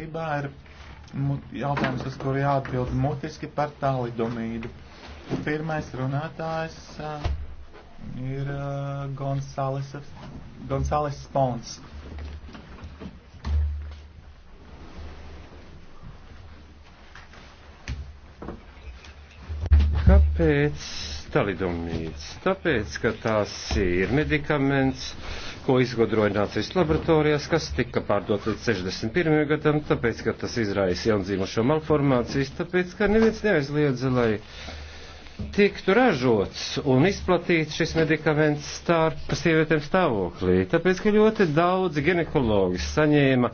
Ībā ir jautājums, uz kuru jāatbild mutiski par tālidomīdu. Pirmais runātājs uh, ir uh, Gonzales, Gonzales Spons. Kāpēc talidomīds, tāpēc, ka tās ir medikaments, ko izgudroja nācijas laboratorijās, kas tika pārdot līdz 61. gadam, tāpēc, ka tas izraisa jaundzīvošo malformācijas, tāpēc, ka neviens neaizliedza, lai tiktu ražots un izplatīts šis medikaments starp sievietēm stāvoklī, tāpēc, ka ļoti daudzi ginekologi saņēma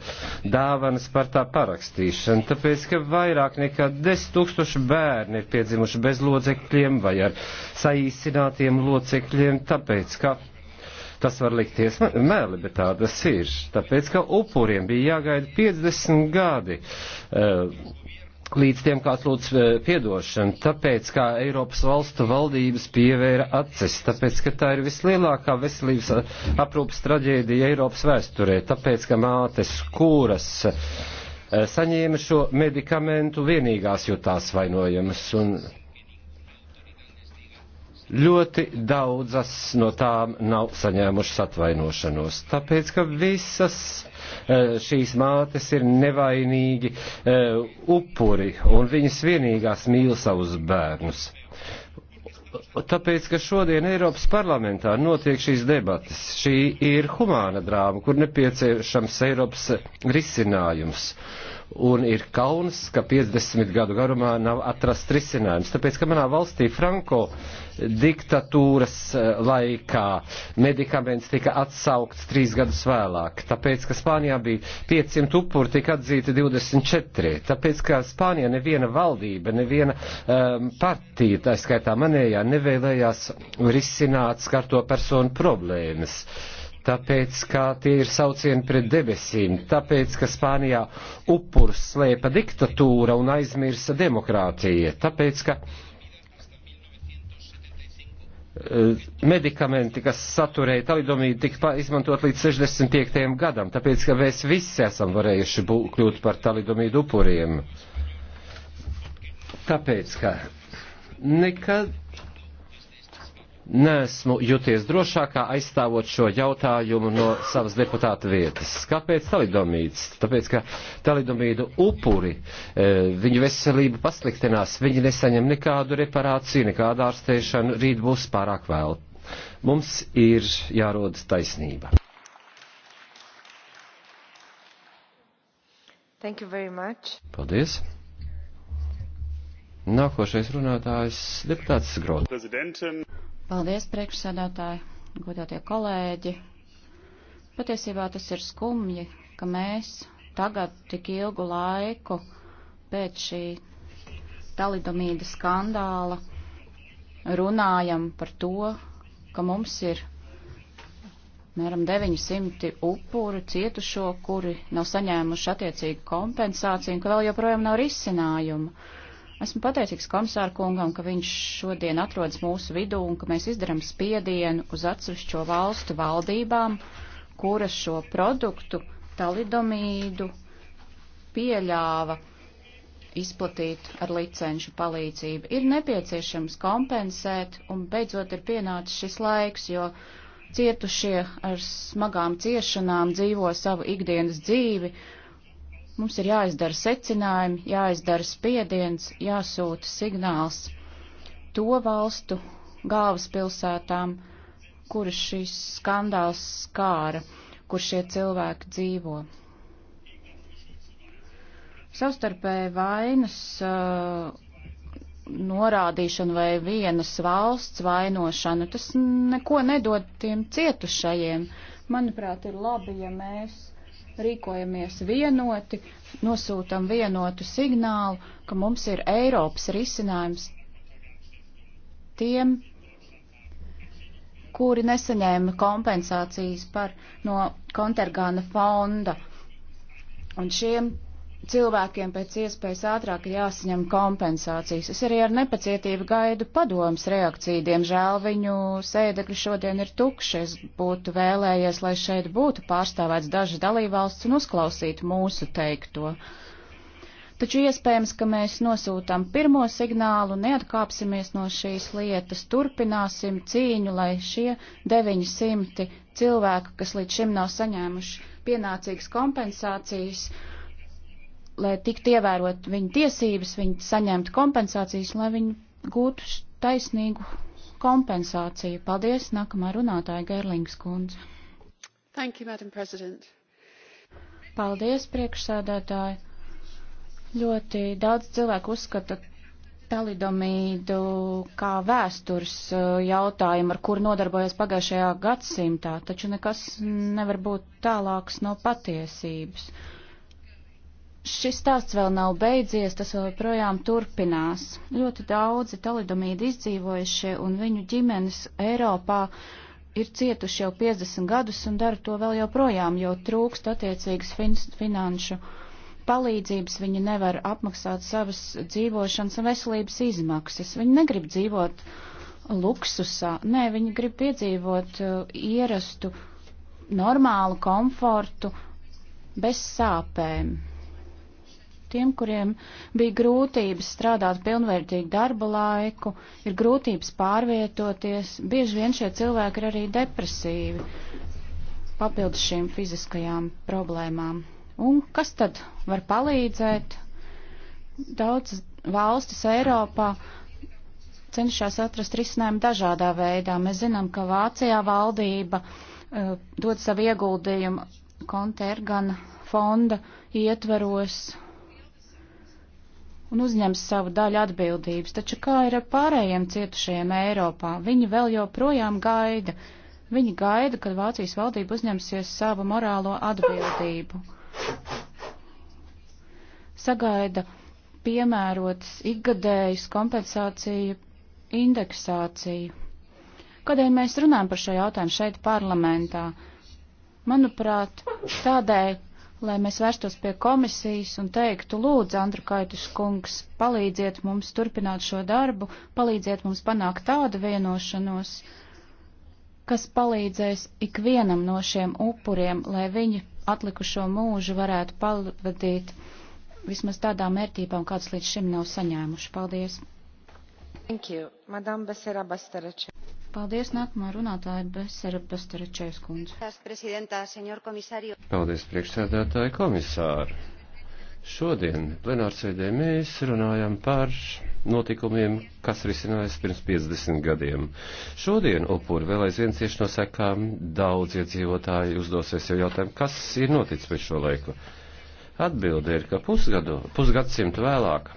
dāvanas par tā parakstīšanu, tāpēc, ka vairāk nekā 10 tūkstoši bērni ir piedzimuši bez locekļiem vai ar saīsinātiem locekļiem, tāpēc, ka tas var likties meli, bet tā tas ir, tāpēc, ka upuriem bija jāgaida 50 gadi. Uh, līdz tiem, kāds lūdz eh, piedošanu, tāpēc, kā Eiropas valstu valdības pievēra acis, tāpēc, ka tā ir vislielākā veselības eh, aprūpas traģēdija Eiropas vēsturē, tāpēc, ka mātes, kuras eh, saņēma šo medikamentu, vienīgās jutās vainojamas un ļoti daudzas no tām nav saņēmušas atvainošanos, tāpēc, ka visas Eh, šīs mātes ir nevainīgi eh, upuri, un viņas vienīgās mīl savus bērnus. Tāpēc, ka šodien Eiropas parlamentā notiek šīs debatas, šī ir humāna drāma, kur nepieciešams Eiropas risinājums. Uh, un ir kauns, ka 50 gadu garumā nav atrasts risinājums. Tāpēc, ka manā valstī Franko diktatūras eh, laikā medikaments tika atsaukts trīs gadus vēlāk, tāpēc, ka Spānijā bija 500 upuri, tika atzīti 24, tāpēc, ka Spānijā neviena valdība, neviena um, partija, tā skaitā manējā, nevēlējās risināt skarto personu problēmas. Uh, tāpēc, ka tie ir saucieni pret debesīm, tāpēc, ka Spānijā upurs slēpa diktatūra un aizmirsa demokrātija, tāpēc, ka eh, medikamenti, kas saturēja talidomīdu, tika izmantot līdz 65. gadam, tāpēc, ka mēs visi esam varējuši bū, kļūt par talidomīdu upuriem. Tāpēc, ka nekad nesmu juties drošākā aizstāvot šo jautājumu no savas deputāta vietas. Kāpēc talidomīds? Tāpēc, ka talidomīdu upuri, e, viņu veselība pasliktinās, viņi nesaņem nekādu reparāciju, nekādu ārstēšanu, rīt būs pārāk vēl. Mums ir jārod taisnība. Thank you very much. Paldies. Nākošais runātājs deputāts Grods. Paldies, priekšsēdētāji, godātie kolēģi. Patiesībā tas ir skumji, ka mēs tagad tik ilgu laiku pēc šī talidomīda skandāla runājam par to, ka mums ir mēram 900 upuru cietušo, kuri nav saņēmuši attiecīgu kompensāciju un ka vēl joprojām nav risinājumu. Esmu pateicīgs komisāru kungam, ka viņš šodien atrodas mūsu vidū un ka mēs izdaram spiedienu uz atsevišķo valstu valdībām, kuras šo produktu, talidomīdu, pieļāva izplatīt ar licenšu palīdzību. Ir nepieciešams kompensēt, un beidzot ir pienācis šis laiks, jo cietušie ar smagām ciešanām dzīvo savu ikdienas dzīvi, Mums ir jāizdara secinājumi, jāizdara spiediens, jāsūta signāls to valstu galvaspilsētām, kuras šis skandāls skāra, kur šie cilvēki dzīvo. Savstarpēji vainas uh, norādīšana vai vienas valsts vainošana, tas neko nedod tiem cietušajiem. Manuprāt, ir labi, ja mēs rīkojamies vienoti, nosūtam vienotu signālu, ka mums ir Eiropas risinājums tiem, kuri nesaņēma kompensācijas par no Kontergāna fonda. Un šiem cilvēkiem pēc iespējas ātrāk jāsaņem kompensācijas. Es arī ar nepacietību gaidu padomas reakciju. Diemžēl viņu sēdekļi šodien ir tukši. Es būtu vēlējies, lai šeit būtu pārstāvēts dažas dalībvalsts un uzklausītu mūsu teikto. Taču iespējams, ka mēs nosūtām pirmo signālu, neatkāpsimies no šīs lietas, turpināsim cīņu, lai šie 900 cilvēki, kas līdz šim nav saņēmuši pienācīgas kompensācijas, uh, lai tiktu ievērot viņu tiesības, viņi saņemtu kompensācijas, lai viņi gūtu taisnīgu kompensāciju. Paldies, nākamā runātāja Gerlings kundze. Thank you, Madam President. Paldies, priekšsēdētāji. Ļoti daudz cilvēku uzskata talidomīdu kā vēstures uh, jautājumu, ar kur nodarbojas pagājušajā gadsimtā, taču nekas nevar būt tālāks no patiesības. Uh, šis stāsts vēl nav beidzies, tas vēl projām turpinās. Ļoti daudzi talidomīdi izdzīvojušie un viņu ģimenes Eiropā ir cietuši jau 50 gadus un dara to vēl joprojām, jo trūkst attiecīgas fin finanšu palīdzības, viņi nevar apmaksāt savas dzīvošanas un veselības izmaksas. Viņi negrib dzīvot luksusā, nē, viņi grib piedzīvot uh, ierastu, normālu komfortu bez sāpēm tiem, kuriem bija grūtības strādāt pilnvērtīgu darba laiku, ir grūtības pārvietoties, bieži vien šie cilvēki ir arī depresīvi papildus šīm fiziskajām problēmām. Un kas tad var palīdzēt? Daudzas valstis Eiropā cenšas atrast risinājumu dažādā veidā. Mēs zinām, ka Vācijā valdība uh, dod savu ieguldījumu kontergana fonda ietveros un uzņems savu daļu atbildības, taču kā ir ar pārējiem cietušajiem Eiropā? Viņi vēl joprojām gaida. Viņi gaida, kad Vācijas valdība uzņemsies savu morālo atbildību. Sagaida piemērotas ikgadējas kompensāciju indeksāciju. Kādēļ mēs runājam par šo jautājumu šeit parlamentā? Manuprāt, tādēļ, lai mēs vērstos pie komisijas un teiktu, lūdzu, Andrukaitis kungs, palīdziet mums turpināt šo darbu, palīdziet mums panākt tādu vienošanos, kas palīdzēs ikvienam no šiem upuriem, lai viņi atlikušo mūžu varētu pavadīt vismaz tādām mērtībām, kādas līdz šim nav saņēmuši. Paldies! Thank you. Madame Besera Bastareče. Paldies, nākamā runātāja Besera Bestarečēs kundze. Paldies, priekšsēdētāji komisāri. Šodien plenārsēdē mēs runājam par notikumiem, kas risinājās pirms 50 gadiem. Šodien upuri vēl aizvien cieši no sekām daudz iedzīvotāji uzdosies jau jautājumu, kas ir noticis pēc šo laiku. Atbilde ir, ka pusgadu, pusgadsimtu vēlāk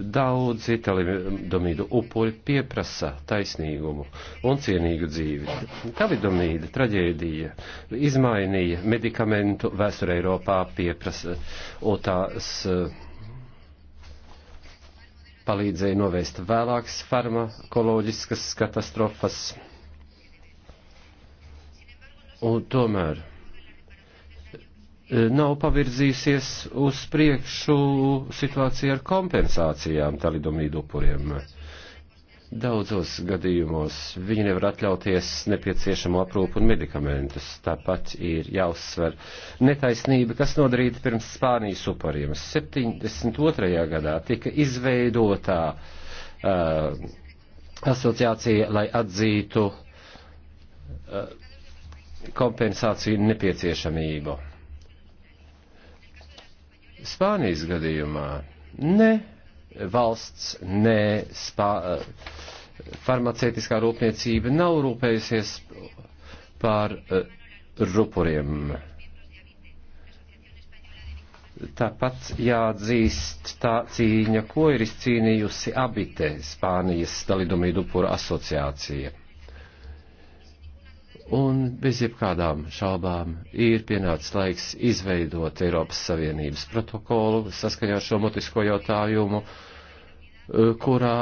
Daudzi talidomīdu upuri pieprasa taisnīgumu un cienīgu dzīvi. Talidomīda traģēdija izmainīja medikamentu vēsturē Eiropā pieprasa, un tās eh, palīdzēja novērst vēlākas farmakoloģiskas katastrofas. Un tomēr nav pavirzījusies uz priekšu situācija ar kompensācijām talidomīdu upuriem. Daudzos gadījumos viņi nevar atļauties nepieciešamo aprūpu un medikamentus. Tāpat ir jāuzsver netaisnība, kas nodarīta pirms Spānijas upariem. 72. gadā tika izveidotā uh, asociācija, lai atzītu uh, kompensāciju nepieciešamību Spānijas gadījumā ne valsts, ne spā, eh, farmaceitiskā rūpniecība nav rūpējusies par eh, rupuriem. Tāpat jāatzīst tā cīņa, ko ir izcīnījusi abite Spānijas dalidumīdu upura asociācija. Un bez jebkādām šaubām ir pienācis laiks izveidot Eiropas Savienības protokolu saskaņā ar šo mutisko jautājumu, eh, kurā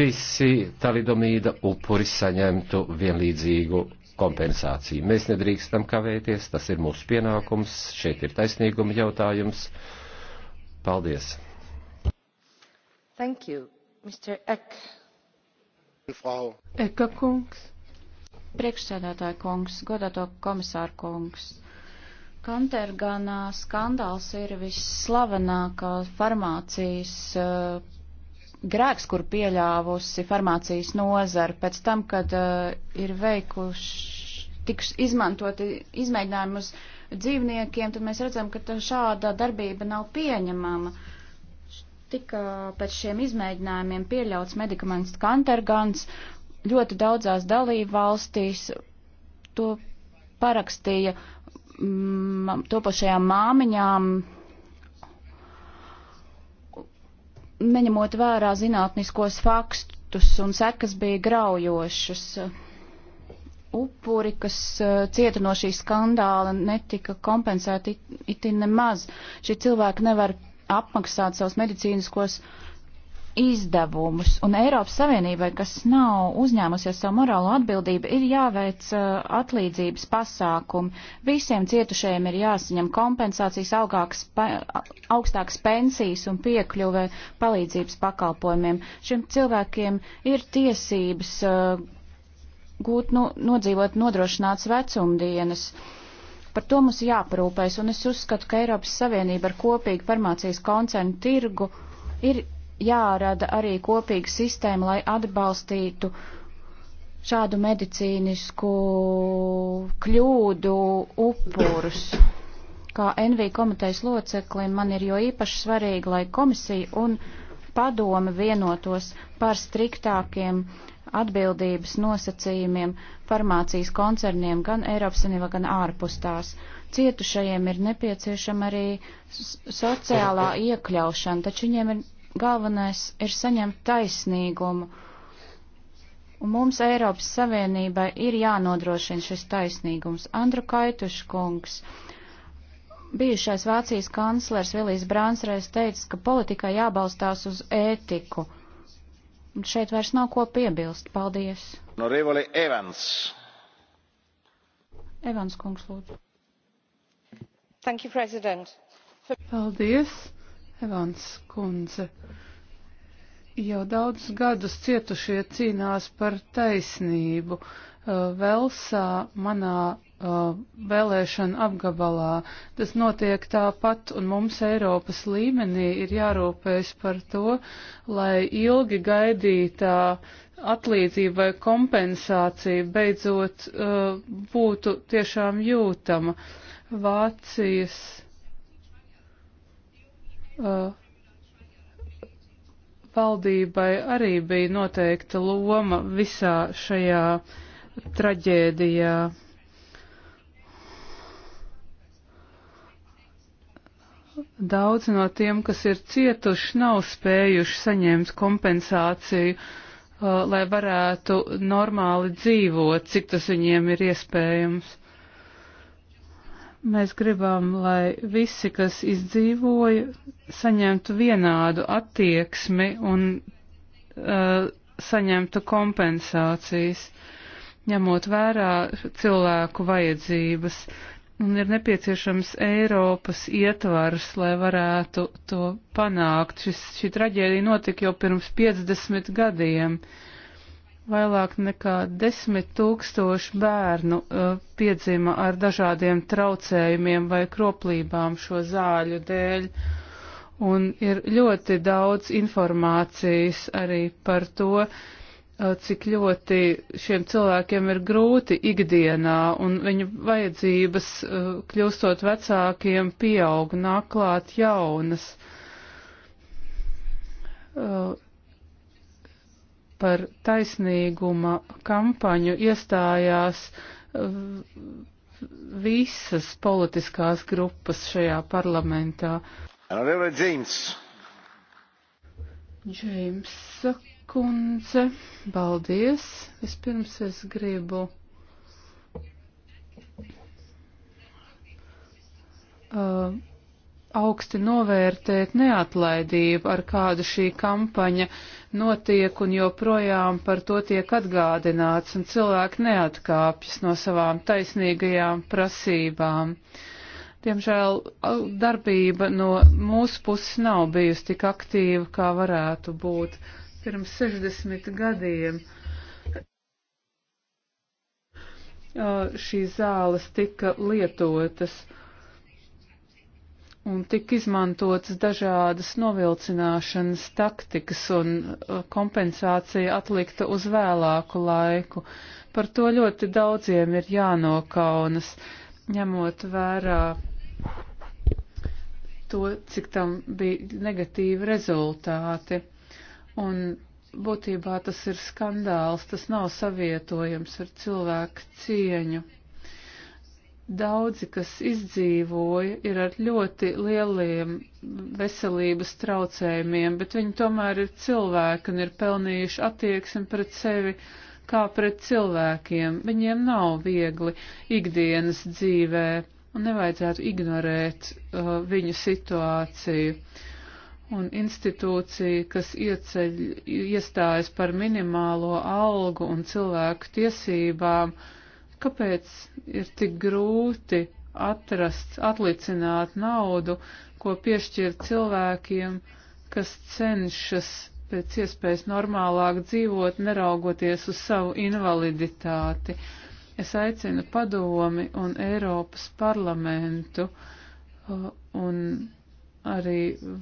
visi talidomīda upuri saņemtu vienlīdzīgu kompensāciju. Mēs nedrīkstam kavēties, tas ir mūsu pienākums, šeit ir taisnīguma jautājums. Paldies! Thank you, Mr. Ek. Frau. Eka kungs. Priekšsēdētāja kungs, godāto komisāru kungs. Kantergana skandāls ir visslavenākā farmācijas uh, grēks, kur pieļāvusi farmācijas nozara pēc tam, kad uh, ir veikuši, tiks izmantoti izmēģinājumi uz dzīvniekiem, tad mēs redzam, ka šāda darbība nav pieņemama. Tika pēc šiem izmēģinājumiem pieļauts medikaments kantergans, ļoti daudzās dalību valstīs to parakstīja mm, topošajām māmiņām, neņemot vērā zinātniskos faktus un sekas bija graujošas. Upuri, kas eh, cieta no šī skandāla, netika kompensēti itin nemaz. Šie cilvēki nevar apmaksāt savus medicīniskos uh, izdevumus, un Eiropas Savienībai, kas nav uzņēmusies savu morālo atbildību, ir jāveic uh, atlīdzības pasākumi. Visiem cietušajiem ir jāsaņem kompensācijas, augāks, pa, augstāks pensijas un piekļuve palīdzības pakalpojumiem. Šiem cilvēkiem ir tiesības uh, gūt, nu, nodzīvot nodrošināts vecumdienas. Par to mums jāparūpēs, un es uzskatu, ka Eiropas Savienība ar kopīgu farmācijas koncernu tirgu ir jārada arī kopīga sistēma, lai atbalstītu šādu medicīnisku kļūdu upurus. Kā NV komitejas loceklim man ir jo īpaši svarīgi, lai komisija un padome vienotos par striktākiem atbildības nosacījumiem farmācijas koncerniem gan Eiropas Savienībā, gan ārpus tās. Cietušajiem ir nepieciešama arī sociālā iekļaušana, taču viņiem ir Galvenais ir saņemt taisnīgumu. Un mums Eiropas Savienībai ir jānodrošina šis taisnīgums. Andru Kaituškungs, bijušais Vācijas kanclers Vilijas Brānsreiz teica, ka politikai jābalstās uz ētiku. Un šeit vairs nav ko piebilst. Paldies. Norevoli Evans. Evans kungs, lūdzu. Thank you, President. Paldies. Evans kundze. Jau daudzus gadus cietušie cīnās par taisnību. Uh, Velsā, manā uh, vēlēšana apgabalā. Tas notiek tāpat, un mums Eiropas līmenī ir jārūpējas par to, lai ilgi gaidītā atlīdzība vai kompensācija beidzot uh, būtu tiešām jūtama. Vācijas Uh, valdībai arī bija noteikta loma visā šajā traģēdijā. Daudz no tiem, kas ir cietuši, nav spējuši saņemt kompensāciju, uh, lai varētu normāli dzīvot, cik tas viņiem ir iespējams. Mēs gribam, lai visi, kas izdzīvoja, saņemtu vienādu attieksmi un uh, saņemtu kompensācijas, ņemot vērā cilvēku vajadzības. Un ir nepieciešams Eiropas ietvars, lai varētu to panākt. Šis, šī traģēdija notika jau pirms 50 gadiem. Uh, Vairāk nekā desmit tūkstoši bērnu uh, piedzima ar dažādiem traucējumiem vai kroplībām šo zāļu dēļ, un ir ļoti daudz informācijas arī par to, uh, cik ļoti šiem cilvēkiem ir grūti ikdienā, un viņu vajadzības, uh, kļūstot vecākiem, pieaug, nāk klāt jaunas. Uh, par taisnīguma kampaņu iestājās eh, visas politiskās grupas šajā parlamentā. James. Džeimsa kundze, paldies. Vispirms es gribu. Uh, augsti novērtēt neatlaidību, ar kādu šī kampaņa notiek un joprojām par to tiek atgādināts, un cilvēki neatkāpjas no savām taisnīgajām prasībām. Diemžēl darbība no mūsu puses nav bijusi tik aktīva, kā varētu būt pirms 60 gadiem. Šīs zāles tika lietotas. Uh, un tika izmantotas dažādas novilcināšanas taktikas un uh, kompensācija atlikta uz vēlāku laiku. Par to ļoti daudziem ir jānokaunas, ņemot vērā to, cik tam bija negatīvi rezultāti. Un būtībā tas ir skandāls, tas nav savietojams ar cilvēku cieņu. Daudzi, kas izdzīvoja, ir ar ļoti lieliem veselības traucējumiem, bet viņi tomēr ir cilvēki un ir pelnījuši attieksmi pret sevi kā pret cilvēkiem. Viņiem nav viegli ikdienas dzīvē un nevajadzētu ignorēt uh, viņu situāciju. Un institūcija, kas ieceļ, iestājas par minimālo algu un cilvēku tiesībām, uh, Kāpēc ir tik grūti atrast, atlicināt naudu, ko piešķir cilvēkiem, kas cenšas pēc iespējas normālāk dzīvot, neraugoties uz savu invaliditāti? Es aicinu padomi un Eiropas parlamentu uh, un arī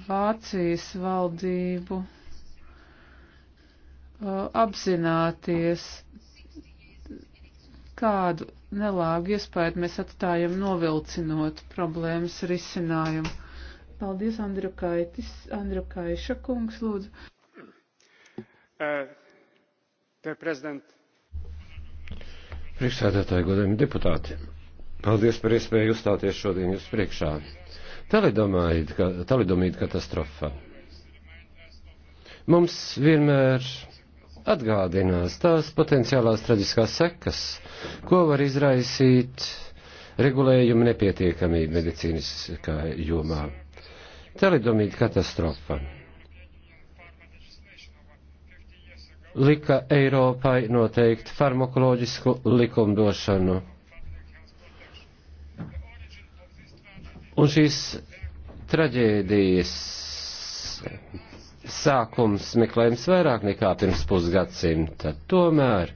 Vācijas valdību uh, apzināties, kādu nelāgu iespēju mēs atstājam novilcinot problēmas risinājumu. Paldies, Andru Kaitis. Andru Kaiša kungs, lūdzu. Uh, Priekšsēdētāji, godējumi deputāti, paldies par iespēju uzstāties šodien jūs priekšā. Talidomīda katastrofa. Mums vienmēr atgādinās tās potenciālās traģiskās sekas, ko var izraisīt regulējuma nepietiekamība medicīniskā jomā. Telidomīda katastrofa lika Eiropai noteikt farmakoloģisku likumdošanu. Un šīs traģēdijas sākums meklējums vairāk nekā pirms pusgadsimta. Tomēr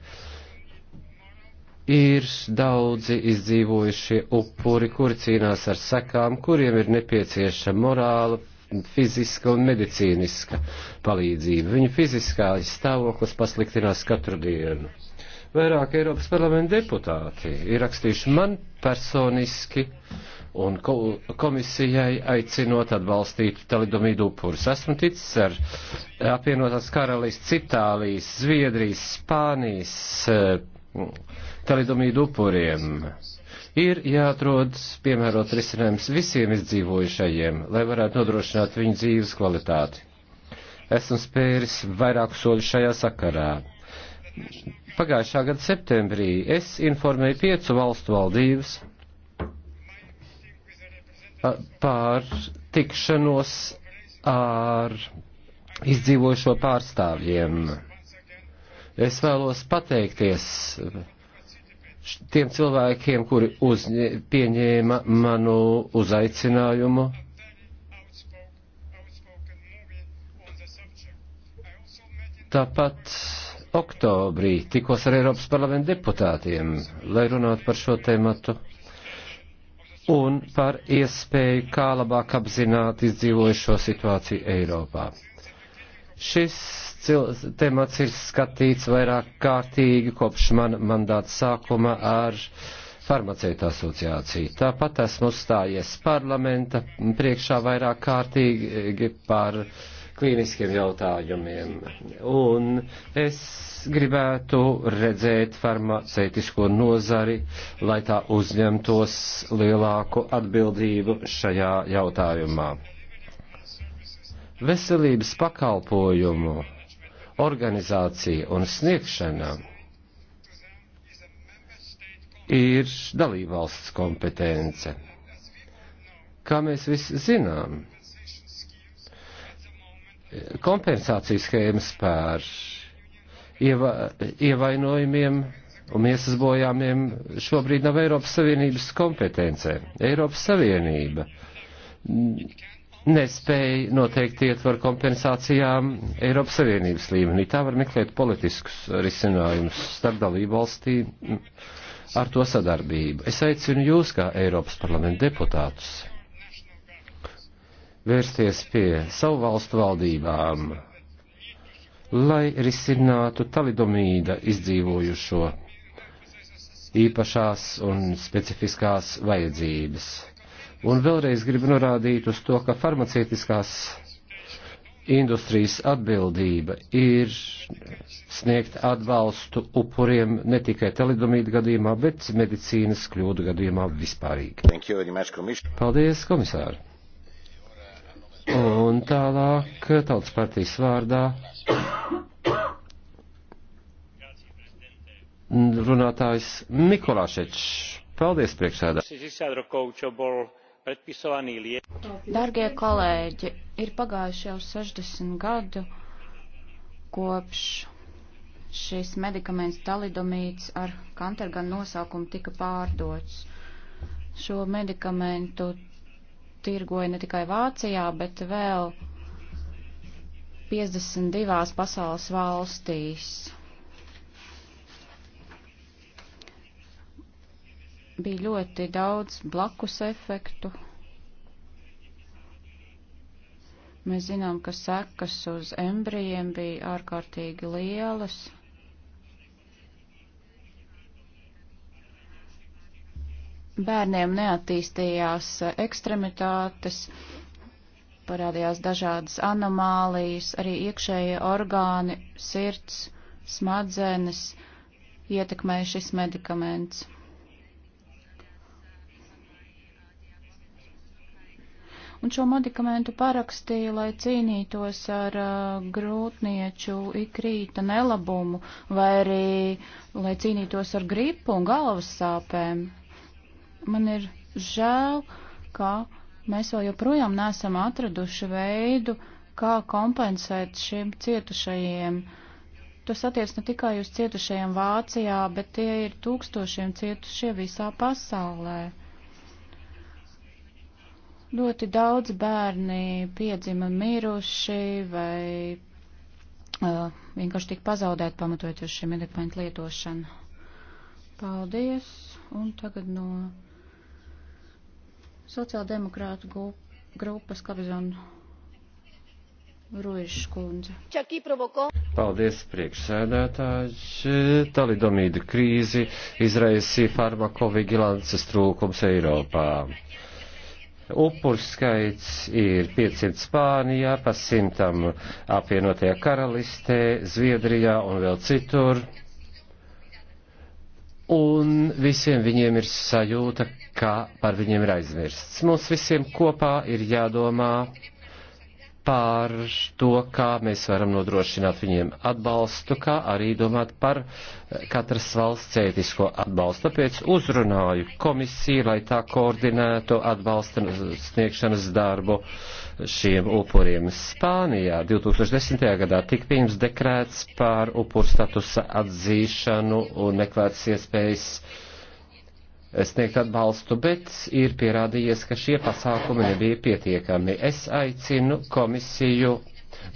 ir daudzi izdzīvojušie upuri, kuri cīnās ar sekām, kuriem ir nepieciešama morāla, fiziska un medicīniska palīdzība. Viņu fiziskais stāvoklis pasliktinās katru dienu. Vairāk Eiropas parlamenta deputāti ir rakstījuši man personiski un komisijai aicinot atbalstīt talidomīdu upurus. Esmu ticis ar apvienotās karalists Itālijas, Zviedrijas, Spānijas eh, talidomīdu upuriem. Ir jāatrod piemērot risinājums visiem izdzīvojušajiem, lai varētu nodrošināt viņu dzīves kvalitāti. Esmu spēris vairāku soļu šajā sakarā. Pagājušā gada septembrī es informēju piecu valstu valdības pār tikšanos ar izdzīvošo pārstāvjiem. Es vēlos pateikties tiem cilvēkiem, kuri uzņē, pieņēma manu uzaicinājumu. Tāpat oktobrī tikos ar Eiropas parlamenta deputātiem, lai runātu par šo tēmatu un par iespēju kā labāk apzināt izdzīvojušo situāciju Eiropā. Šis temats ir skatīts vairāk kārtīgi kopš man mandāta sākuma ar farmaceitu asociāciju. Tāpat esmu uzstājies parlamenta priekšā vairāk kārtīgi par uh, klīniskiem jautājumiem. Un es gribētu redzēt farmaceitisko nozari, lai tā uzņemtos lielāku atbildību šajā jautājumā. Veselības pakalpojumu organizācija un sniegšana ir dalībvalsts kompetence. Kā mēs visi zinām, kompensācijas schēmas pār ieva, ievainojumiem un miesas bojāmiem šobrīd nav Eiropas Savienības kompetencē. Eiropas Savienība nespēja noteikti ietver kompensācijām Eiropas Savienības līmenī. Tā var meklēt politiskus risinājumus starp dalību valstī ar to sadarbību. Es aicinu jūs, kā Eiropas parlamenta deputātus, vērsties pie savu valstu valdībām, lai risinātu talidomīda izdzīvojušo īpašās un specifiskās vajadzības. Un vēlreiz gribu norādīt uz to, ka farmaceitiskās industrijas atbildība ir sniegt atbalstu upuriem ne tikai talidomīda gadījumā, bet medicīnas kļūdu gadījumā vispārīgi. Much, Paldies, komisāri! Un tālāk tautas partijas vārdā runātājs Mikolāšečs. Paldies, priekšsēdā. Dargie kolēģi, ir pagājuši jau 60 gadu kopš šis medikaments talidomīts ar kantergan nosaukumu tika pārdots. Šo medikamentu tirgoja ne tikai Vācijā, bet vēl 52 pasaules valstīs. Bija ļoti daudz blakus efektu. Mēs zinām, ka sekas uz embrijiem bija ārkārtīgi lielas. bērniem neattīstījās ekstremitātes, parādījās dažādas anomālijas, arī iekšējie orgāni, sirds, smadzenes ietekmēja šis medikaments. Un šo medikamentu parakstīja, lai cīnītos ar uh, grūtnieču ikrīta nelabumu vai arī, lai cīnītos ar gripu un galvas sāpēm. Man ir žēl, ka mēs vēl joprojām nesam atraduši veidu, kā kompensēt šiem cietušajiem. Tas attiec ne tikai uz cietušajiem Vācijā, bet tie ir tūkstošiem cietušie visā pasaulē. Ļoti daudz bērni piedzima miruši vai uh, vienkārši tika pazaudēti pamatojoties šiem medikamentu lietošanu. Paldies, un tagad no Sociāldemokrātu grupas Kabizona Rojušs kundze. Paldies, priekšsēdētāji. Talidomīda krīzi izraisīja farmakovigilances trūkums Eiropā. Upurs skaits ir 500 Spānijā, pa simtam apvienotajā karalistē, Zviedrijā un vēl citur un visiem viņiem ir sajūta, ka par viņiem ir aizmirsts. Mums visiem kopā ir jādomā par to, kā mēs varam nodrošināt viņiem atbalstu, kā arī domāt par eh, katras valsts ētisko atbalstu. Tāpēc uzrunāju komisiju, lai tā koordinētu atbalsta sniegšanas darbu šiem upuriem. Spānijā 2010. gadā tika pieņems dekrēts par upur statusa atzīšanu un nekvērts iespējas sniegt atbalstu, bet ir pierādījies, ka šie pasākumi nebija pietiekami. Es aicinu komisiju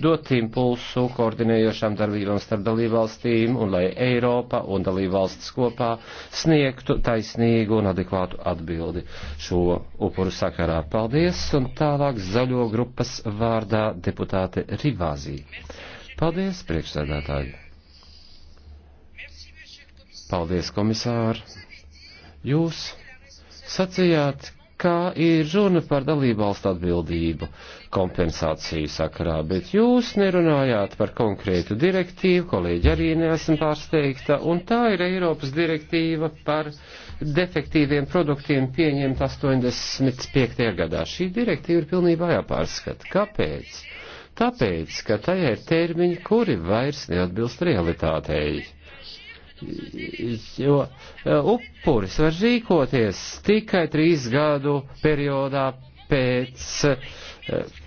dot impulsu koordinējošām darbībām starp dalībvalstīm un lai Eiropa un dalībvalstis kopā sniegtu taisnīgu un adekvātu atbildi šo upuru sakarā. Paldies un tālāk zaļo grupas vārdā deputāte Rivāzī. Paldies, priekšsēdētāji. Paldies, komisāri Jūs sacījāt, kā ir runa par dalībvalstu atbildību kompensāciju sakarā, bet jūs nerunājāt par konkrētu direktīvu, kolēģi arī neesam pārsteigta, un tā ir Eiropas direktīva par defektīviem produktiem pieņemta 85. gadā. Šī direktīva ir pilnībā jāpārskata. Kāpēc? Tāpēc, ka tajā ir termiņi, kuri vairs neatbilst realitātei jo eh, upuris var rīkoties tikai trīs gadu periodā pēc eh,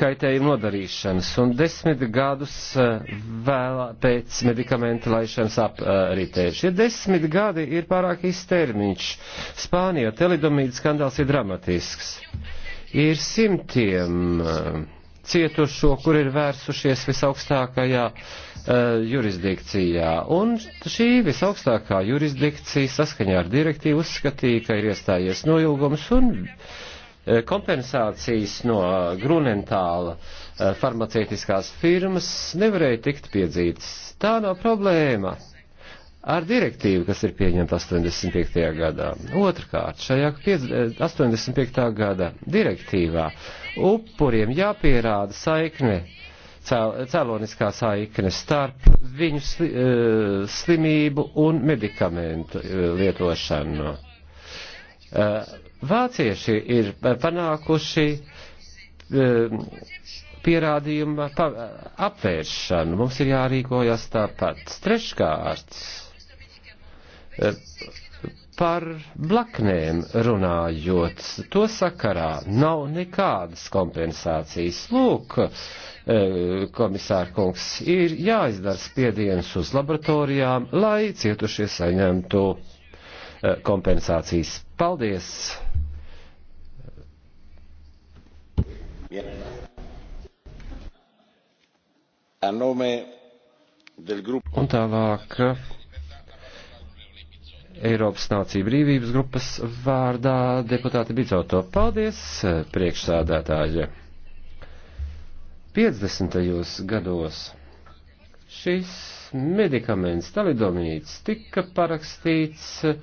kaitējuma nodarīšanas un desmit gadus eh, vēl pēc medikamentu laišanas apritē. Šie desmit gadi ir pārāk iztermiņš. Spānijā telidomīda skandāls ir dramatisks. Ir simtiem uh, cietušo, kur ir vērsušies visaugstākajā uh, jurisdikcijā. Un šī visaugstākā jurisdikcija saskaņā ar direktīvu uzskatīja, ka ir iestājies noilgums un eh, kompensācijas no eh, Grunentāla farmaceitiskās firmas nevarēja tikt piedzītas. Tā nav problēma ar direktīvu, kas ir pieņemta 85. gadā. Otrkārt, šajā 85. gada direktīvā upuriem jāpierāda saikne, cēloniskā saikne starp viņu sli, e, slimību un medikamentu e, lietošanu. E, vācieši ir panākuši pierādījuma apvēršanu. Mums ir jārīkojas tāpat. Treškārts par blaknēm runājot, to sakarā nav nekādas kompensācijas. Lūk, e, komisāra kungs, ir jāizdara spiediens uz laboratorijām, lai cietušie saņemtu e, kompensācijas. Paldies! Un tālāk Eiropas Nācija brīvības grupas vārdā deputāte Bidzoto. Paldies, eh, priekšsādātāja. 50. gados šis medikaments talidomīts tika parakstīts eh,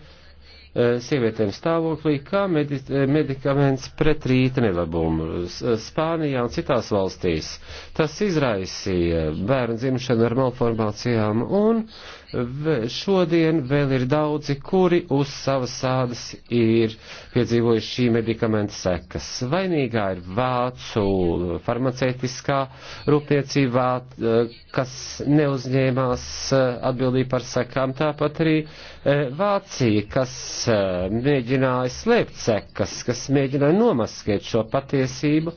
sievietēm stāvoklī kā medi medikaments pret rīta nelabumu Spānijā un citās valstīs. Tas izraisīja bērnu dzimšanu ar malformācijām un šodien vēl ir daudzi, kuri uz savas sādas ir piedzīvojuši šī medikamenta sekas. Vainīgā ir vācu farmaceitiskā rūpniecībā, kas neuzņēmās eh, atbildību par sekām, tāpat arī eh, Vācija, kas eh, mēģināja slēpt sekas, kas mēģināja nomaskēt šo patiesību,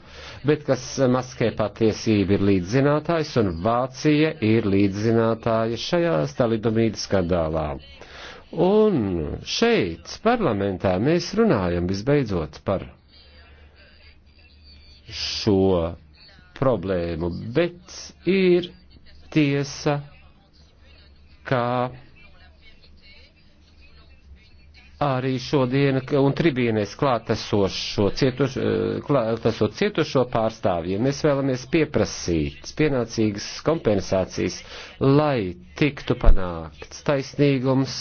bet kas maskē patiesību ir līdzzinātājs, un Vācija ir līdzzinātāja šajā stāvībā Artemīda skandālā. Un šeit, parlamentā, mēs runājam visbeidzot par šo problēmu, bet ir tiesa, kā arī šodien un tribīnēs klātesošo cietušo, eh, klātesot cietušo pārstāvjiem. Mēs vēlamies pieprasīt pienācīgas kompensācijas, lai tiktu panākts taisnīgums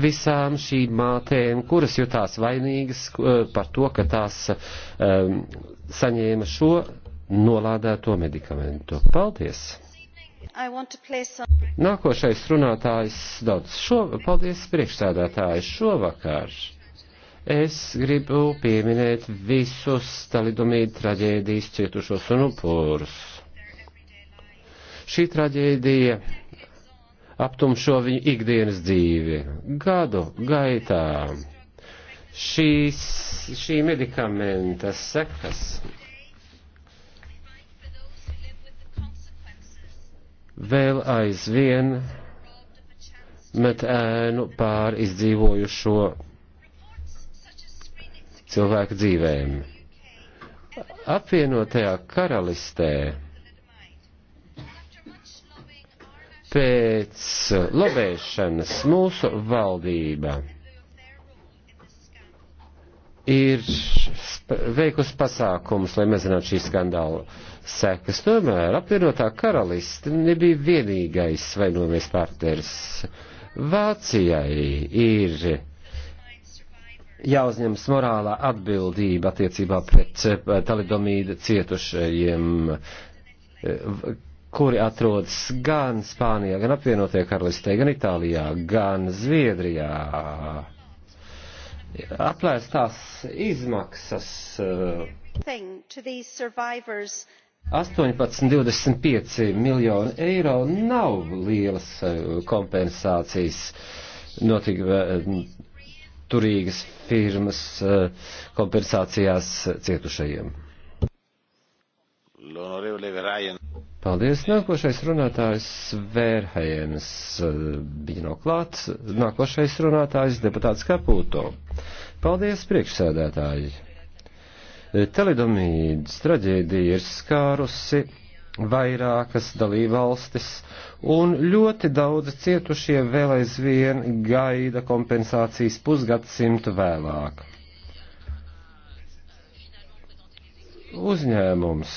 visām šīm mātēm, kuras jutās vainīgas eh, par to, ka tās um, saņēma šo nolādēto medikamentu. Paldies! Nākošais runātājs daudz. Šo, paldies priekšsēdētāji. Šovakar es gribu pieminēt visus talidomīdu traģēdijas cietušos un upurus. Šī traģēdija aptumšo viņu ikdienas dzīvi. Gadu gaitā šīs, šī medikamenta sekas vēl aizvien met ēnu pār izdzīvojušo cilvēku dzīvēm. Apvienotajā karalistē pēc lobēšanas mūsu valdība ir veikusi pasākumus, lai mazinātu šī skandāla sekas. Tomēr apvienotā karaliste nebija vienīgais svainojamies partneris. Vācijai ir jāuzņemas morālā atbildība attiecībā pret eh, talidomīda cietušajiem, eh, kuri atrodas gan Spānijā, gan apvienotajā karalistē, gan Itālijā, gan Zviedrijā aplēstās izmaksas 18,25 miljonu eiro nav lielas e, kompensācijas notikuma e, turīgas firmas e, kompensācijās cietušajiem. Paldies. Nākošais runātājs Svērhējens bija nav klāts. Nākošais runātājs deputāts Kapūto. Paldies, priekšsēdētāji. Telidomīdas traģēdija ir skārusi vairākas dalībvalstis, un ļoti daudz cietušie vēl aizvien gaida kompensācijas pusgadsimtu vēlāk. Uzņēmums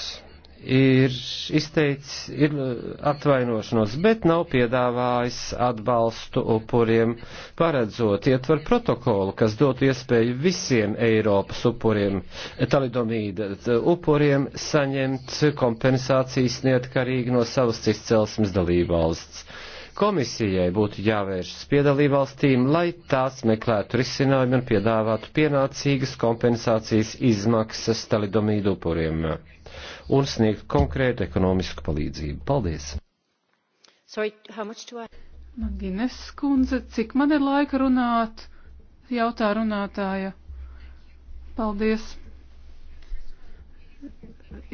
ir izteicis ir uh, atvainošanos, bet nav piedāvājis atbalstu upuriem, paredzot ietver protokolu, kas dotu iespēju visiem Eiropas upuriem, talidomīda upuriem, saņemt kompensācijas neatkarīgi no savas izcelsmes dalībvalsts. Komisijai būtu jāvēršas piedalībvalstīm, lai tās meklētu risinājumu un piedāvātu pienācīgas kompensācijas izmaksas talidomīdu upuriem un sniegt konkrētu ekonomisku palīdzību. Paldies! Sorry, I... Magines skundze, cik man ir laika runāt? Jautā runātāja. Paldies!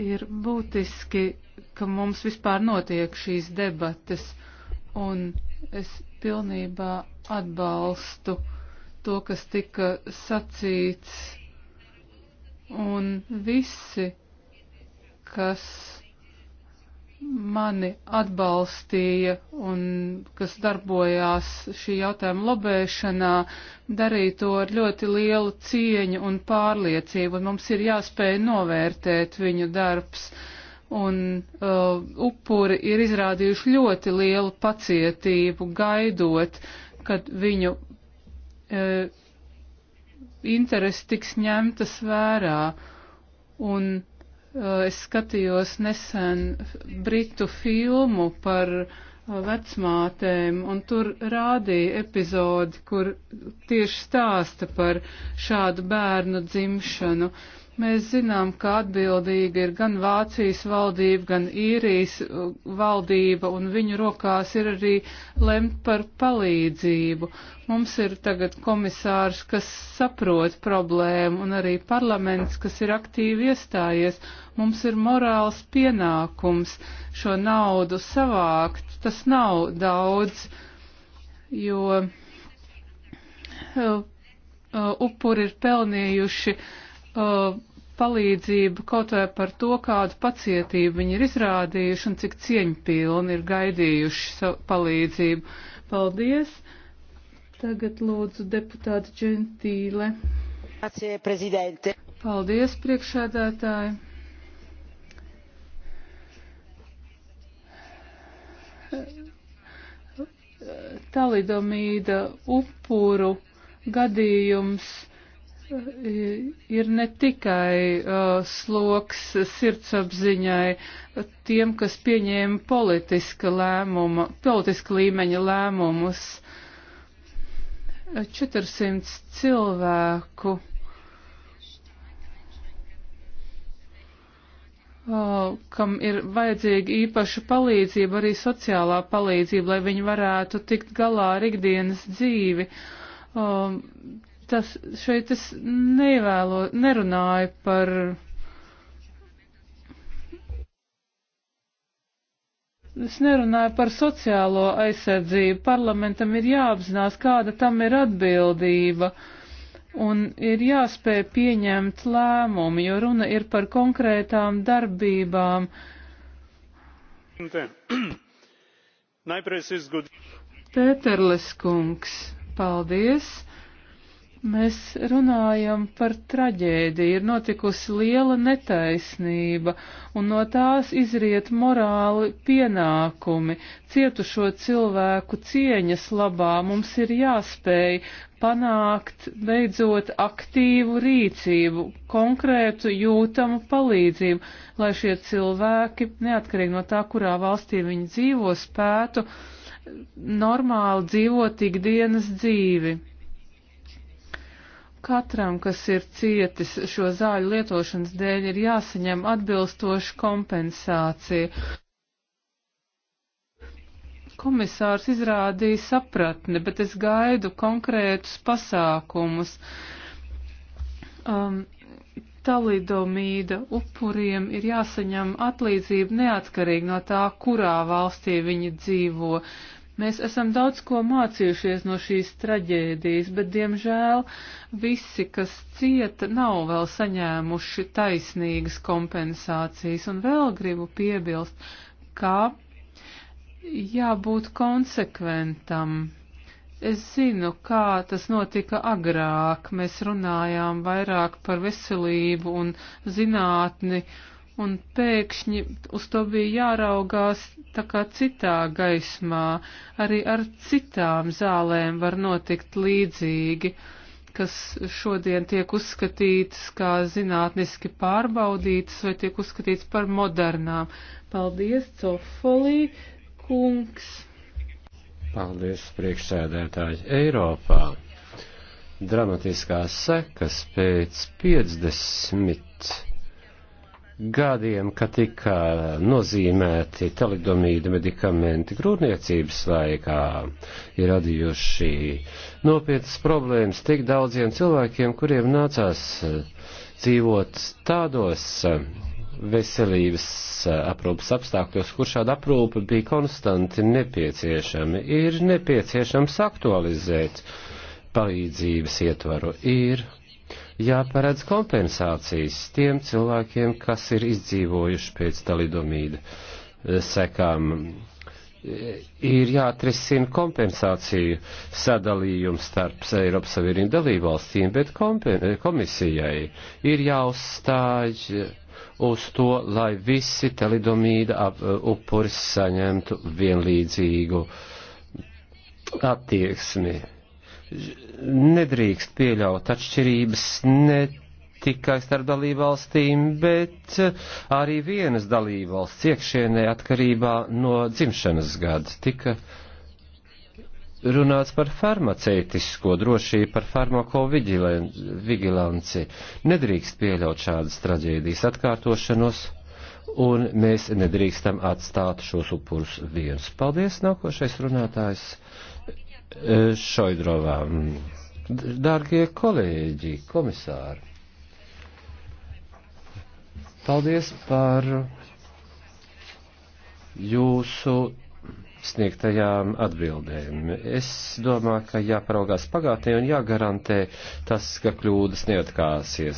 Ir būtiski, ka mums vispār notiek šīs debates, un es pilnībā atbalstu to, kas tika sacīts, un visi kas mani atbalstīja un kas darbojās šī jautājuma lobēšanā, darīja to ar ļoti lielu cieņu un pārliecību, un mums ir jāspēj novērtēt viņu darbs, un uh, upuri ir izrādījuši ļoti lielu pacietību, gaidot, kad viņu uh, interesi tiks ņemtas vērā, un Eh, es skatījos nesen britu filmu par eh, vecmātēm, un tur rādīja epizodi, kur tieši stāsta par šādu bērnu dzimšanu. Uh, Mēs zinām, ka atbildīga ir gan Vācijas valdība, gan īrijas uh, valdība, un viņu rokās ir arī lemt par palīdzību. Mums ir tagad komisārs, kas saprot problēmu, un arī parlaments, kas ir aktīvi iestājies. Mums ir morāls pienākums šo naudu savākt. Tas nav daudz, jo uh, uh, upuri ir pelnījuši. Uh, uh, palīdzību kaut vai par to, kādu pacietību viņi ir izrādījuši un cik cieņpilni ir gaidījuši savu palīdzību. Paldies! Tagad lūdzu deputātu Džentīle. Paldies, priekšādātāji! talidomīda upuru gadījums ir ne tikai uh, sloks sirdsapziņai tiem, kas pieņēma politiska lēmuma, politiska līmeņa lēmumus. 400 cilvēku uh, kam ir vajadzīga īpaša palīdzība, arī sociālā palīdzība, lai viņi varētu tikt galā ar ikdienas dzīvi. Uh, Tas šeit es nevēlo, nerunāju par. Es nerunāju par sociālo aizsardzību. Parlamentam ir jāapzinās, kāda tam ir atbildība un ir jāspēj pieņemt lēmumu, jo runa ir par konkrētām darbībām. Pēterles kungs, paldies! Mēs runājam par traģēdiju, ir notikusi liela netaisnība, un no tās izriet morāli pienākumi. Cietušo cilvēku cieņas labā mums ir jāspēj panākt beidzot aktīvu rīcību, konkrētu jūtamu palīdzību, lai šie cilvēki, neatkarīgi no tā, kurā valstī viņi dzīvo, spētu normāli dzīvot ikdienas dzīvi. Katram, kas ir cietis šo zāļu lietošanas dēļ, ir jāsaņem atbilstoša kompensācija. Komisārs izrādīja sapratni, bet es gaidu konkrētus pasākumus. Um, talidomīda upuriem ir jāsaņem atlīdzība neatkarīgi no tā, kurā valstī viņi dzīvo. Mēs esam daudz ko mācījušies no šīs traģēdijas, bet, diemžēl, visi, kas cieta, nav vēl saņēmuši taisnīgas kompensācijas. Un vēl gribu piebilst, ka jābūt konsekventam. Es zinu, kā tas notika agrāk. Mēs runājām vairāk par veselību un zinātni, un pēkšņi uz to bija jāraugās tā kā citā gaismā, arī ar citām zālēm var notikt līdzīgi, kas šodien tiek uzskatītas kā zinātniski pārbaudītas vai tiek uzskatītas par modernām. Paldies, Cofolī, kungs! Paldies, priekšsēdētāji Eiropā! Dramatiskās sekas pēc 50 gadiem, kad tika nozīmēti talidomīda medikamenti grūtniecības laikā, ir radījuši nopietnas problēmas tik daudziem cilvēkiem, kuriem nācās dzīvot tādos veselības aprūpas apstākļos, kur šāda aprūpa bija konstanti nepieciešama. Ir nepieciešams aktualizēt palīdzības ietvaru. Ir jāparedz kompensācijas tiem cilvēkiem, kas ir izdzīvojuši pēc talidomīda eh, sekām. Eh, ir jāatrisina kompensāciju sadalījums starp Eiropas Savienību dalībvalstīm, bet eh, komisijai ir jāuzstāj uz to, lai visi talidomīda upuri saņemtu vienlīdzīgu attieksmi nedrīkst pieļaut atšķirības ne tikai starp dalībvalstīm, bet arī vienas dalībvalsts iekšienē atkarībā no dzimšanas gada. Tika runāts par farmaceitisko drošību, par farmakovigilanci. Nedrīkst pieļaut šādas traģēdijas atkārtošanos, un mēs nedrīkstam atstāt šos upurus viens. Paldies, nākošais runātājs. E, Šoidrovā. Dārgie kolēģi, komisāri, paldies par jūsu sniegtajām atbildēm. Es domāju, ka jāparaugās pagātnē un jāgarantē tas, ka kļūdas e,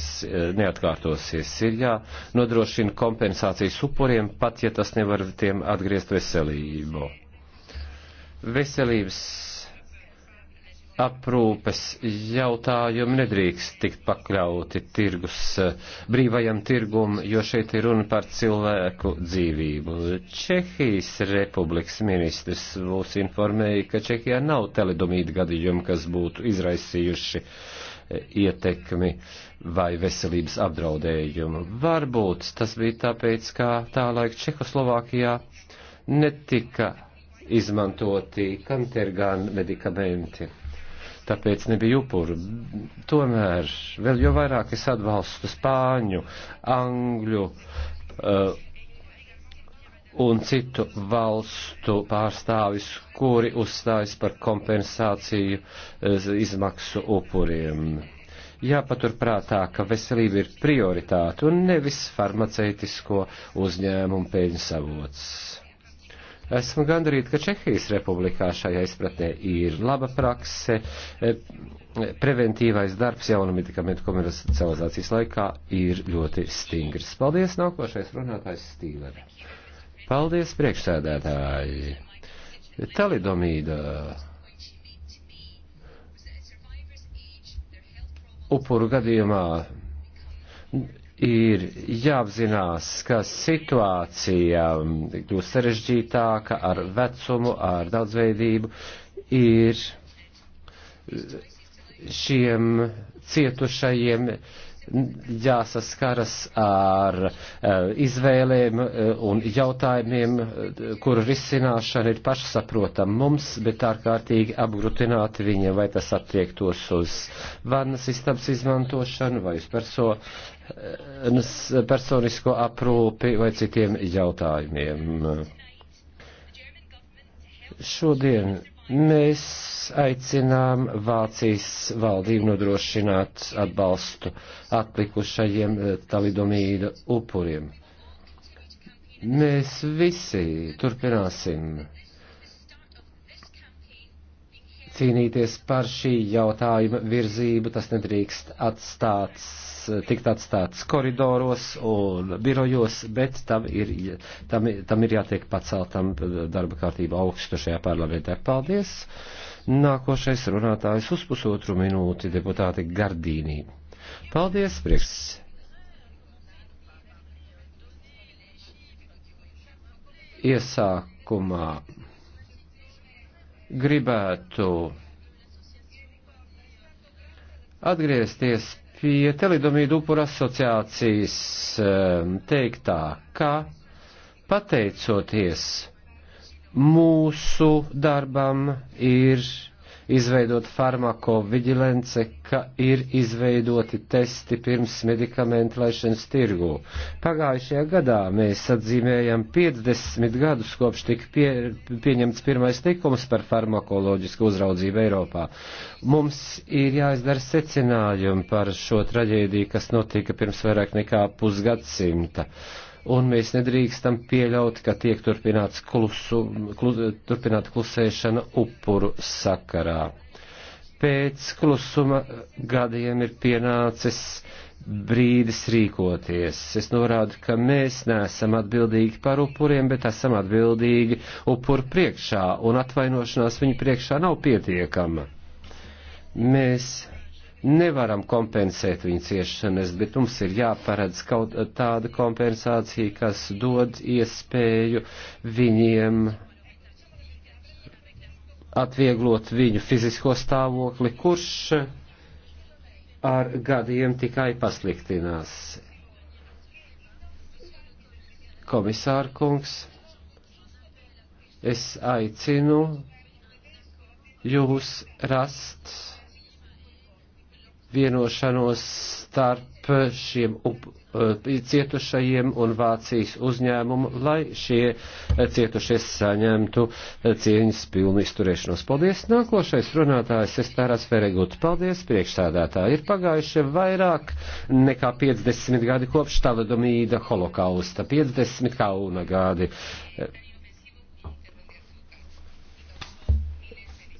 neatkārtosies. Ir jānodrošina kompensācijas upuriem, pat ja tas nevar tiem atgriezt veselību. Veselības aprūpes jautājumi nedrīkst tikt pakļauti tirgus, eh, brīvajam tirgum, jo šeit ir runa par cilvēku dzīvību. Čehijas republikas ministrs mūs informēja, ka Čehijā nav teledomīta gadījumi, kas būtu izraisījuši eh, ietekmi vai veselības apdraudējumu. Varbūt tas bija tāpēc, ka tā laika Čehoslovākijā netika izmantoti kantergāna medikamenti tāpēc nebija upuru. Tomēr vēl jau vairāk es atbalstu spāņu, angļu uh, un citu valstu pārstāvis, kuri uzstājas par kompensāciju uh, izmaksu upuriem. Jāpaturprātā, ka veselība ir prioritāte un nevis farmaceitisko uzņēmumu peļņas avots. Esmu gandrīt, ka Čehijas republikā šajā izpratnē ir laba prakse. E, e, preventīvais darbs jaunu medikamentu komercializācijas laikā ir ļoti stingrs. Paldies, nākošais runātājs Stīlere. Paldies, priekšsēdētāji. Talidomīda. Upuru gadījumā ir jāapzinās, ka situācija kļūst sarežģītāka ar vecumu, ar daudzveidību, ir šiem cietušajiem jāsaskaras ar eh, izvēlēm eh, un jautājumiem, eh, kuru risināšana ir pašsaprotam mums, bet ārkārtīgi apgrūtināti viņiem, vai tas attiektos uz vannas istabas izmantošanu vai uz perso, personisko aprūpi vai citiem jautājumiem. Šodien Mēs aicinām Vācijas valdību nodrošināt atbalstu atlikušajiem eh, talidomīda upuriem. Mēs visi turpināsim cīnīties par šī jautājuma virzību, tas nedrīkst atstāts, tikt atstāts koridoros un birojos, bet tam ir, tam, tam ir jātiek paceltam darba kārtība augstu šajā parlamentā. Paldies! Nākošais runātājs uz pusotru minūti deputāti Gardīnī. Paldies, prieks! Iesākumā gribētu atgriezties pie Telidomīdu upuru asociācijas ehm, teiktā, ka pateicoties mūsu darbam ir izveidot farmakovigilence, ka ir izveidoti testi pirms medikamentu laišanas tirgū. Pagājušajā gadā mēs atzīmējam 50 gadus kopš tika pie, pieņemts pirmais likums par farmakoloģisku uzraudzību Eiropā. Mums ir jāizdara secinājumi par šo traģēdiju, kas notika pirms vairāk nekā pusgadsimta. Uh, un mēs nedrīkstam pieļaut, ka tiek turpināts klusu, klus, turpināt klusēšana upuru sakarā. Pēc klusuma gadiem ir pienācis brīdis rīkoties. Es norādu, ka mēs neesam atbildīgi par upuriem, bet esam atbildīgi upuru priekšā, un atvainošanās viņu priekšā nav pietiekama. Mēs nevaram kompensēt viņu ciešanas, bet mums ir jāparedz kaut tāda kompensācija, kas dod iespēju viņiem atvieglot viņu fizisko stāvokli, kurš ar gadiem tikai pasliktinās. Komisārkungs, es aicinu jūs rast vienošanos starp šiem up, eh, cietušajiem un Vācijas uzņēmumu, lai šie eh, cietušie saņemtu eh, cieņas pilnu izturēšanos. Paldies! Nākošais runātājs ir Stāras Fereguts. Paldies, priekšsādātāji! Ir pagājuši vairāk nekā 50 gadi kopš Taledomīda holokausta, 50 kauna gadi.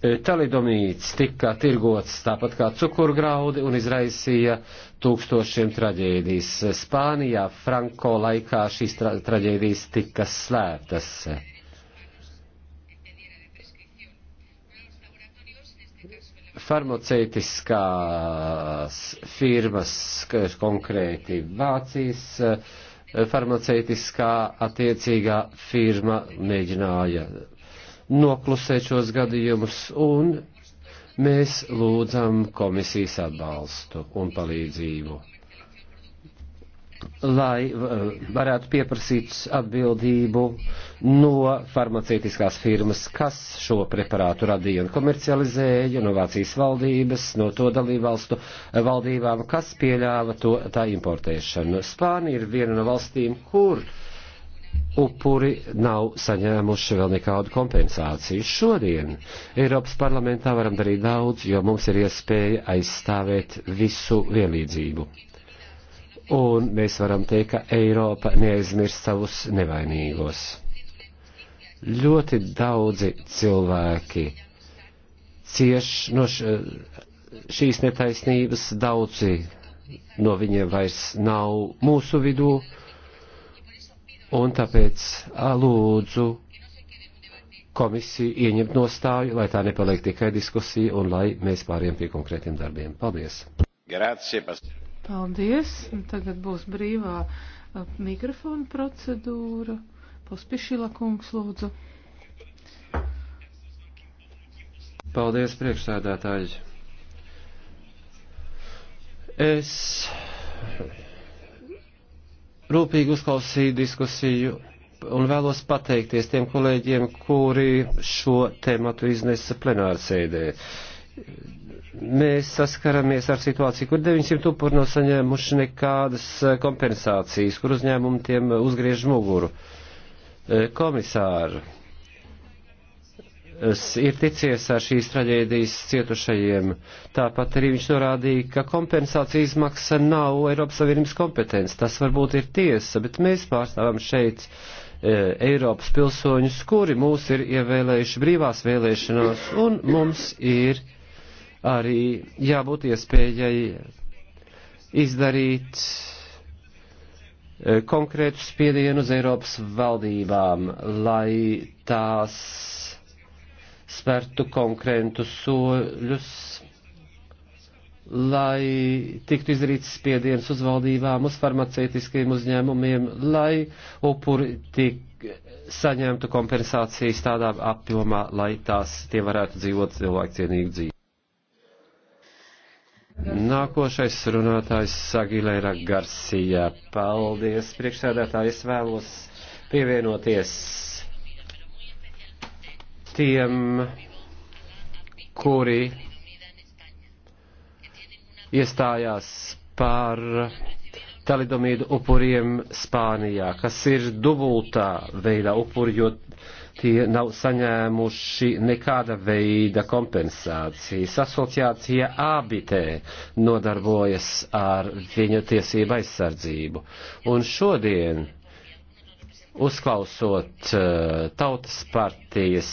E, talidomīts tika tirgots tāpat kā cukurgraudi un izraisīja tūkstošiem traģēdijas. Spānijā Franko laikā šīs tra traģēdijas tika slēptas. Farmaceitiskās firmas, konkrēti Vācijas, e, farmaceitiskā attiecīgā firma mēģināja noklusēt šos gadījumus, un mēs lūdzam komisijas atbalstu un palīdzību, lai eh, varētu pieprasīt atbildību no farmaceitiskās firmas, kas šo preparātu radīja un komercializēja, no Vācijas valdības, no to dalībvalstu valdībām, kas pieļāva to, tā importēšanu. Spānija ir viena no valstīm, kur uh, upuri nav saņēmuši vēl nekādu kompensāciju. Šodien Eiropas parlamentā varam darīt daudz, jo mums ir iespēja aizstāvēt visu vienlīdzību. Un mēs varam teikt, ka Eiropa neaizmirst savus nevainīgos. Ļoti daudzi cilvēki cieš no šīs netaisnības, daudzi no viņiem vairs nav mūsu vidū un tāpēc lūdzu komisiju ieņemt nostāju, lai tā nepaliek tikai diskusija un lai mēs pāriem pie konkrētiem darbiem. Paldies! Grazie. Paldies! Tagad būs brīvā mikrofona procedūra. Pospišila kungs lūdzu. Paldies, priekšsēdētāji. Es rūpīgi uzklausīju diskusiju un vēlos pateikties tiem kolēģiem, kuri šo tematu iznesa plenārsēdē. Mēs saskaramies ar situāciju, kur 900 upuri nav saņēmuši nekādas eh, kompensācijas, kur uzņēmumi tiem uzgriež muguru. Eh, Komisāri, ir ticies ar šīs traģēdijas cietušajiem. Tāpat arī viņš norādīja, ka kompensācija izmaksa nav Eiropas Savienības kompetence. Tas varbūt ir tiesa, bet mēs pārstāvam šeit e, Eiropas pilsoņus, kuri mūs ir ievēlējuši brīvās vēlēšanās, un mums ir arī jābūt iespējai izdarīt e, konkrētu spiedienu uz Eiropas valdībām, lai tās spērtu konkrētus soļus, lai tiktu izdarīts spiediens uz valdībām, uz farmaceitiskiem uzņēmumiem, lai upuri tik saņemtu kompensācijas tādā apjomā, lai tās tie varētu dzīvot cilvēkcienīgu dzīvi. Nākošais runātājs Sagilera Garcija. Paldies, priekšsēdētāji, es vēlos pievienoties tiem, kuri iestājās par talidomīdu upuriem Spānijā, kas ir dubultā veidā upuri, jo tie nav saņēmuši nekāda veida kompensācijas. Asociācija Ābitē nodarbojas ar viņu tiesību aizsardzību. Un šodien uzklausot eh, tautas partijas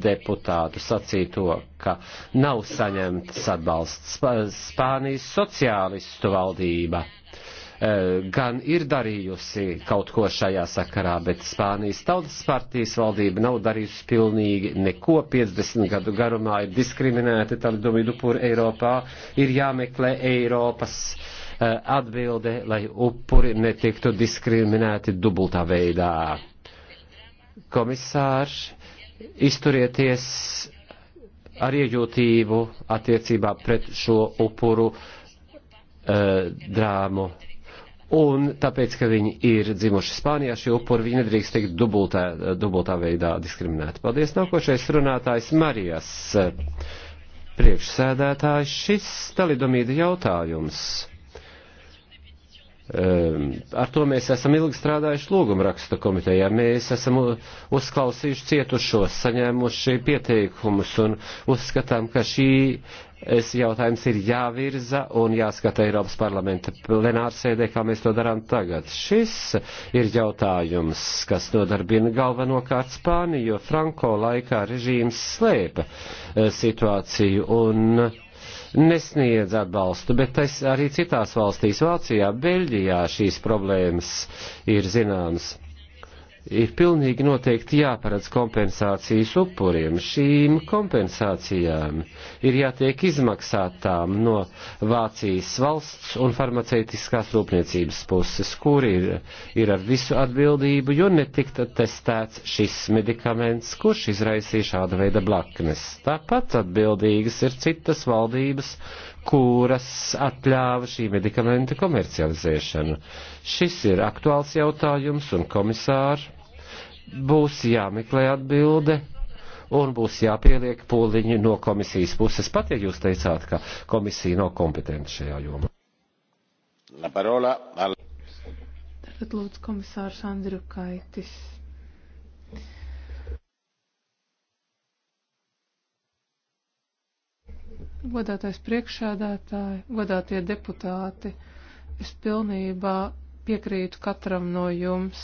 deputātu sacīto, ka nav saņemts atbalsts Spānijas sociālistu valdība. Eh, gan ir darījusi kaut ko šajā sakarā, bet Spānijas tautas partijas valdība nav darījusi pilnīgi neko. 50 gadu garumā ir diskriminēti, tad domīdu pur Eiropā ir jāmeklē Eiropas uh, Eh, atbilde, lai upuri netiktu diskriminēti dubultā veidā. Komisārs, izturieties ar iejūtību attiecībā pret šo upuru uh, drāmu. Un tāpēc, ka viņi ir dzimuši Spānijā, šie upuri viņi nedrīkst tikt dubultā, eh, dubultā veidā diskriminēti. Paldies. Nākošais runātājs Marijas priekšsēdētājs. Šis talidomīda jautājums Ehm, ar to mēs esam ilgi strādājuši lūgumraksta komitejā. Mēs esam uzklausījuši cietušos, saņēmuši pieteikumus un uzskatām, ka šī es jautājums ir jāvirza un jāskata Eiropas parlamenta plenārsēdē, kā mēs to darām tagad. Šis ir jautājums, kas nodarbina galvenokārt Spāniju, jo Franko laikā režīms slēpa eh, situāciju un nesniedz atbalstu, bet tas arī citās valstīs, Vācijā, Beļģijā šīs problēmas ir zināmas ir pilnīgi noteikti jāparedz kompensācijas upuriem. Šīm kompensācijām ir jātiek izmaksātām no Vācijas valsts un farmaceitiskās rūpniecības puses, kur ir, ir ar visu atbildību, jo netikta testēts šis medikaments, kurš izraisīja šāda veida blaknes. Tāpat atbildīgas ir citas valdības kuras atļāva šī medikamenta komercializēšanu. Šis ir aktuāls jautājums un komisāri būs jāmeklē atbilde un būs jāpieliek pūliņi no komisijas puses, pat ja jūs teicāt, ka komisija nav kompetenta šajā jomā. Tagad lūdzu komisārs Andriu Kaitis. Godātais priekšsēdētāji, godātie deputāti, es pilnībā piekrītu katram no jums,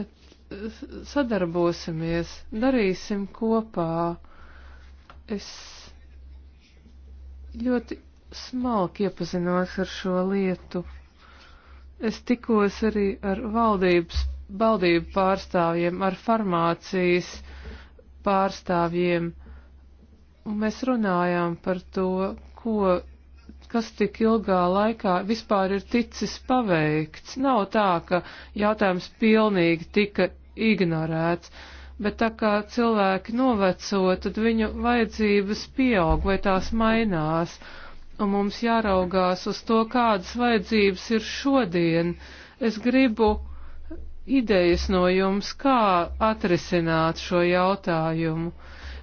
bet eh, sadarbosimies, darīsim kopā. Es ļoti smalki iepazinos ar šo lietu. Es tikos arī ar valdības, valdību pārstāvjiem, ar farmācijas pārstāvjiem Un mēs runājām par to, ko, kas tik ilgā laikā vispār ir ticis paveikts. Nav tā, ka jautājums pilnīgi tika ignorēts, bet tā kā cilvēki noveco, tad viņu vajadzības pieaug vai tās mainās. Un mums jāraugās uz to, kādas vajadzības ir šodien. Es gribu idejas no jums, kā atrisināt šo jautājumu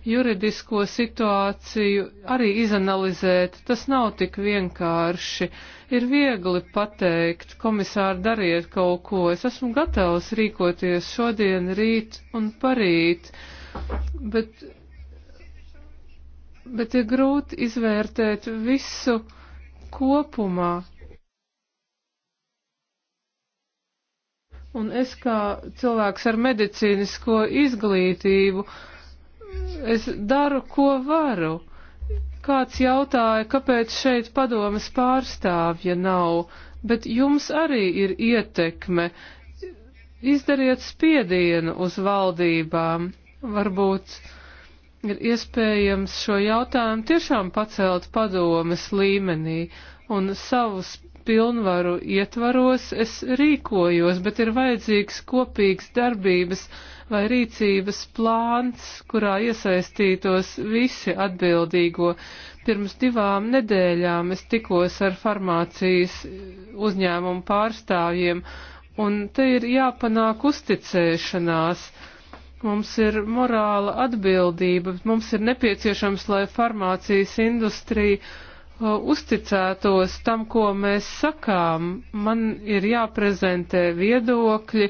juridisko situāciju arī izanalizēt. Tas nav tik vienkārši. Ir viegli pateikt, komisāri, dariet kaut ko. Es esmu gatavs rīkoties šodien, rīt un parīt, bet, bet ir grūti izvērtēt visu kopumā. Un es kā cilvēks ar medicīnisko izglītību Es daru, ko varu. Kāds jautāja, kāpēc šeit padomas pārstāvja nav, bet jums arī ir ietekme. Izdariet spiedienu uz valdībām. Varbūt ir iespējams šo jautājumu tiešām pacelt padomas līmenī un savus pilnvaru ietvaros es rīkojos, bet ir vajadzīgs kopīgs darbības vai rīcības plāns, kurā iesaistītos visi atbildīgo. Pirms divām nedēļām es tikos ar farmācijas uzņēmumu pārstāvjiem, un te ir jāpanāk uzticēšanās. Mums ir morāla atbildība, mums ir nepieciešams, lai farmācijas industrija uzticētos tam, ko mēs sakām. Man ir jāprezentē viedokļi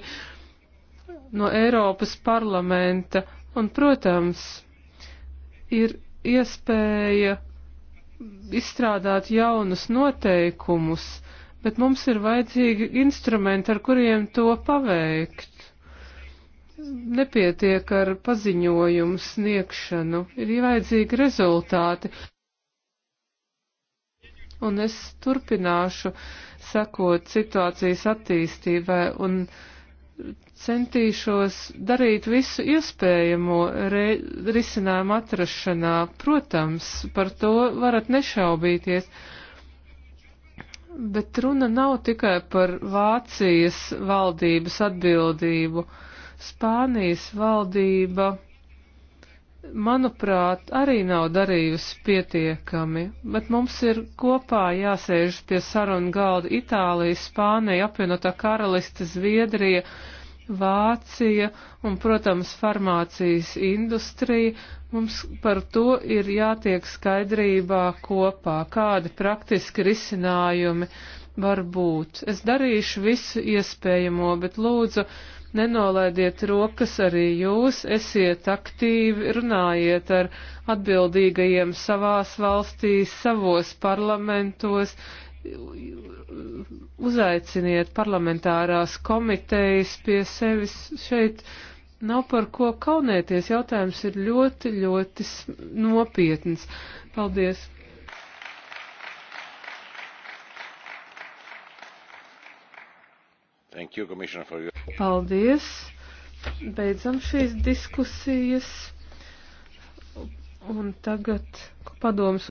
no Eiropas parlamenta, un, protams, ir iespēja izstrādāt jaunus noteikumus, bet mums ir vajadzīgi instrumenti, ar kuriem to paveikt. Nepietiek ar paziņojumu sniegšanu, ir vajadzīgi rezultāti un es turpināšu sekot situācijas attīstībai un centīšos darīt visu iespējamo re, risinājumu atrašanā. Protams, par to varat nešaubīties. Bet runa nav tikai par Vācijas valdības atbildību. Spānijas valdība manuprāt, arī nav darījusi pietiekami, bet mums ir kopā jāsēž pie sarunu galda Itālija, Spānija, apvienotā karaliste, Zviedrija, Vācija un, protams, farmācijas industrija. Mums par to ir jātiek skaidrībā kopā, kādi praktiski risinājumi var būt. Es darīšu visu iespējamo, bet lūdzu, Nenolaidiet rokas arī jūs, esiet aktīvi, runājiet ar atbildīgajiem savās valstīs, savos parlamentos, uzaiciniet parlamentārās komitejas pie sevis. Šeit nav par ko kaunēties, jautājums ir ļoti, ļoti nopietns. Paldies! You, your... Paldies. Beidzam šīs diskusijas. Un tagad padoms.